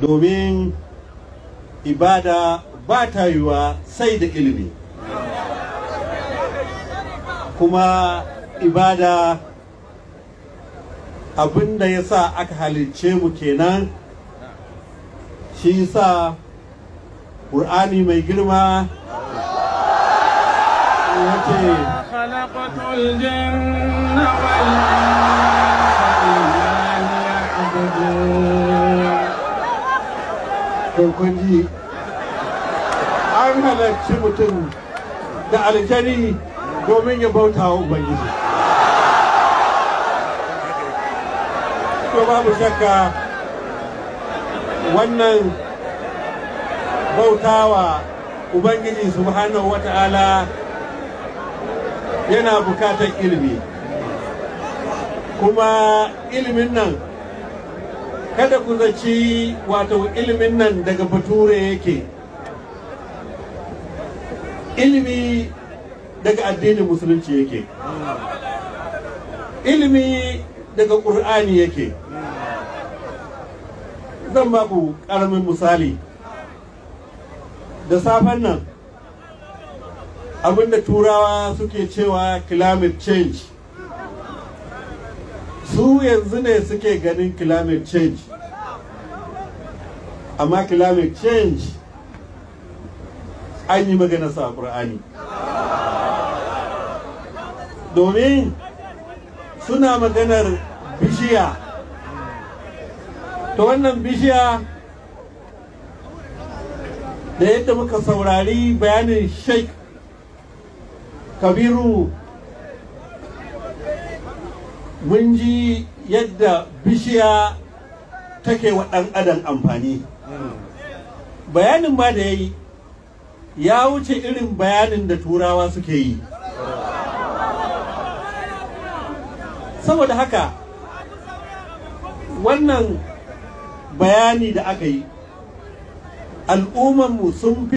domin ibada ba ta yiwa sai da ilimi kuma ibada abin da ya sa aka halicce mu kenan shi sa ƙur'ani mai girma wace ji an halarci mutum da aljani domin ya bauta wa ubangiji to babu shakka wannan bautawa ubangiji subhanahu wata'ala yana bukatar ilimi kuma ilimin nan kada ku zaci wato ilimin nan daga bature yake ilimi daga addinin musulunci yake ilimi daga ƙur'ani yake zan ba ku ƙaramin misali da safen nan abinda turawa suke cewa climate change su yanzu ne suke ganin climate change amma climate change an yi magana a ƙur'ani domin suna maganar bishiya ta wannan bishiya da yadda muka saurari bayanin sheik kabiru mun ji yadda bishiya take wa ɗan adam amfani bayanin ma da ya yi ya wuce irin bayanin da turawa suke yi saboda haka wannan bayani da aka yi al'ummarmu sun fi